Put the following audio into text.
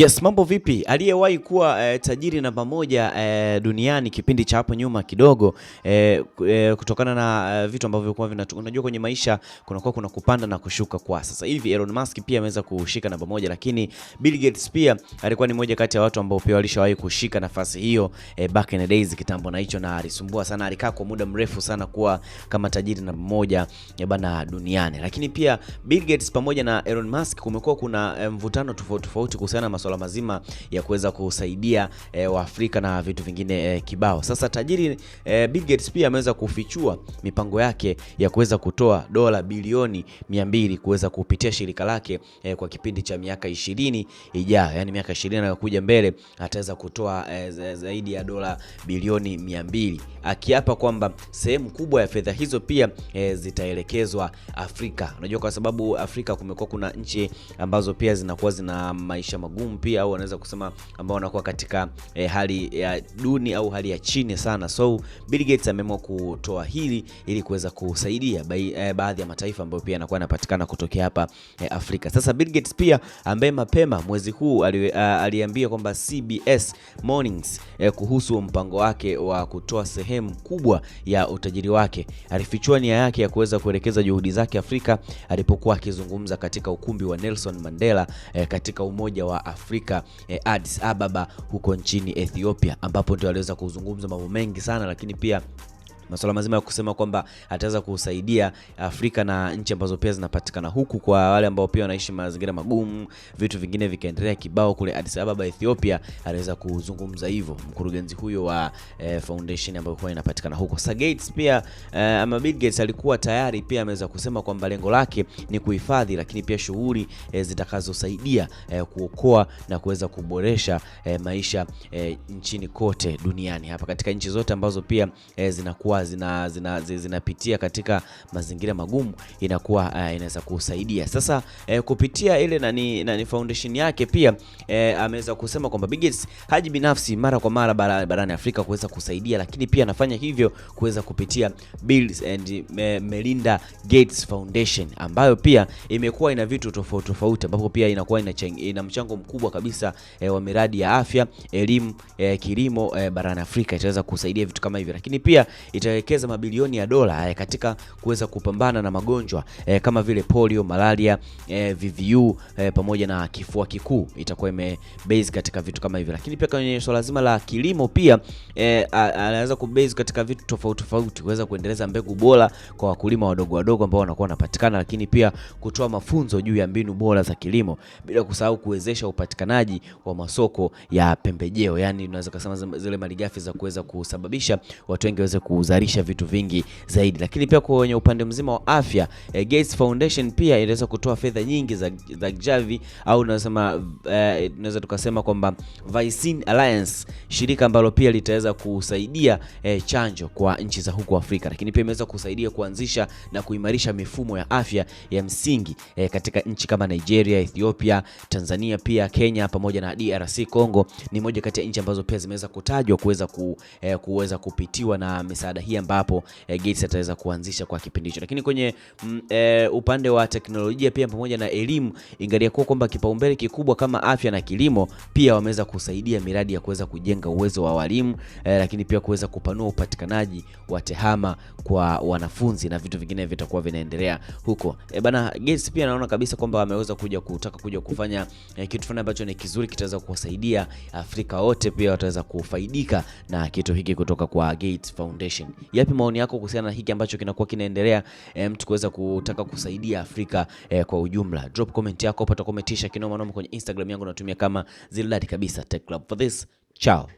Yes, mambo vipi? Aliyewahi kuwa eh, tajiri namba moja eh, duniani kipindi cha hapo nyuma kidogo eh, eh, kutokana na eh, vitu ambavyo kwa vina unajua kwenye maisha kuna kwa kuna kupanda na kushuka kwa sasa hivi. Elon Musk pia ameweza kushika namba moja, lakini Bill Gates pia alikuwa ni moja kati ya watu ambao pia walishawahi kushika nafasi hiyo eh, back in the days kitambo, na hicho na alisumbua sana, alikaa kwa muda mrefu sana kuwa kama tajiri namba moja bana duniani. Lakini pia Bill Gates pamoja na Elon Musk kumekuwa kuna eh, mvutano tofauti tofauti kuhusiana na masuala mazima ya kuweza kusaidia e, Waafrika na vitu vingine e, kibao. Sasa tajiri e, Bill Gates pia ameweza kufichua mipango yake ya kuweza kutoa dola bilioni 200 kuweza kupitia shirika lake e, kwa kipindi cha miaka 20 ijayo, yani miaka 20 inayokuja mbele ataweza kutoa e, zaidi ya dola bilioni 200 akiapa kwamba sehemu kubwa ya fedha hizo pia e, zitaelekezwa Afrika. Unajua, kwa sababu Afrika kumekuwa kuna nchi ambazo pia zinakuwa zina maisha magumu pia au wanaweza kusema ambao wanakuwa katika eh, hali ya duni au hali ya chini sana. So Bill Gates ameamua kutoa hili ili kuweza kusaidia eh, baadhi ya mataifa ambayo pia yanakuwa yanapatikana kutokea hapa eh, Afrika. Sasa Bill Gates pia ambaye mapema mwezi huu ali, uh, aliambia kwamba CBS Mornings eh, kuhusu mpango wake wa kutoa sehemu kubwa ya utajiri wake. Alifichua nia yake ya kuweza kuelekeza juhudi zake Afrika alipokuwa akizungumza katika ukumbi wa Nelson Mandela eh, katika Umoja wa Afrika. Afrika eh, Addis Ababa huko nchini Ethiopia, ambapo ndio aliweza kuzungumza mambo mengi sana, lakini pia masuala mazima ya kusema kwamba ataweza kusaidia Afrika na nchi ambazo pia zinapatikana huku, kwa wale ambao pia wanaishi mazingira magumu, vitu vingine vikaendelea kibao kule Addis Ababa Ethiopia. Aliweza kuzungumza hivyo mkurugenzi huyo wa eh, foundation ambayo kwa inapatikana huko. Sir Gates pia eh, ama Bill Gates alikuwa tayari pia ameweza kusema kwamba lengo lake ni kuhifadhi, lakini pia shughuli eh, zitakazosaidia eh, kuokoa na kuweza kuboresha eh, maisha eh, nchini kote duniani hapa katika nchi zote ambazo pia eh, zinakuwa zinakuwa zinapitia zina, zina, zina katika mazingira magumu inakuwa uh, inaweza kusaidia sasa uh, kupitia ile nani, nani foundation yake pia uh, ameweza kusema kwamba Bill Gates haji binafsi mara kwa mara barani Afrika kuweza kusaidia, lakini pia anafanya hivyo kuweza kupitia Bill and Melinda Gates Foundation ambayo pia imekuwa ina vitu tofauti tofauti, ambapo pia inakuwa ina, ina mchango mkubwa kabisa eh, wa miradi ya afya, elimu, eh, kilimo eh, barani Afrika itaweza kusaidia vitu kama hivyo, lakini pia ita itawekeza mabilioni ya dola eh, katika kuweza kupambana na magonjwa eh, kama vile polio, malaria, eh, VVU eh, pamoja na kifua kikuu, itakuwa ime base katika vitu kama hivyo, lakini pia kwenye swala zima la kilimo pia eh, anaweza ku base katika vitu tofauti tofauti, kuweza kuendeleza mbegu bora kwa wakulima wadogo wadogo ambao wanakuwa wanapatikana, lakini pia kutoa mafunzo juu ya mbinu bora za kilimo, bila kusahau kuwezesha upatikanaji wa masoko ya pembejeo, yani unaweza kusema zile malighafi za kuweza kusababisha watu wengi waweze kuuza kuimarisha vitu vingi zaidi, lakini pia kwenye upande mzima wa afya eh, Gates Foundation pia inaweza kutoa fedha nyingi za, za Javi au unasema tunaweza eh, tukasema kwamba Vaccine Alliance, shirika ambalo pia litaweza kusaidia eh, chanjo kwa nchi za huko Afrika, lakini pia imeweza kusaidia kuanzisha na kuimarisha mifumo ya afya ya msingi eh, katika nchi kama Nigeria, Ethiopia, Tanzania pia Kenya pamoja na DRC Congo ni moja kati ya nchi ambazo pia zimeweza kutajwa kuweza ku, eh, kuweza kupitiwa na misaada hii ambapo e, Gates ataweza kuanzisha kwa kipindi hicho. Lakini kwenye m, mm, e, eh, upande wa teknolojia pia pamoja na elimu, ingalia kuwa kwamba kipaumbele kikubwa kama afya na kilimo pia wameweza kusaidia miradi ya kuweza kujenga uwezo wa walimu e, lakini pia kuweza kupanua upatikanaji wa tehama kwa wanafunzi na vitu vingine vitakuwa vinaendelea huko. E, bana Gates pia naona kabisa kwamba ameweza kuja kutaka kuja kufanya e, kitu fulani ambacho ni kizuri kitaweza kuwasaidia Afrika wote pia wataweza kufaidika na kitu hiki kutoka kwa Gates Foundation yapi maoni yako kuhusiana na hiki ambacho kinakuwa kinaendelea e, mtu kuweza kutaka kusaidia Afrika e, kwa ujumla. Drop comment yako pata kometisha kinoma noma kwenye Instagram yangu natumia kama Zildad kabisa Tech Club. For this, ciao.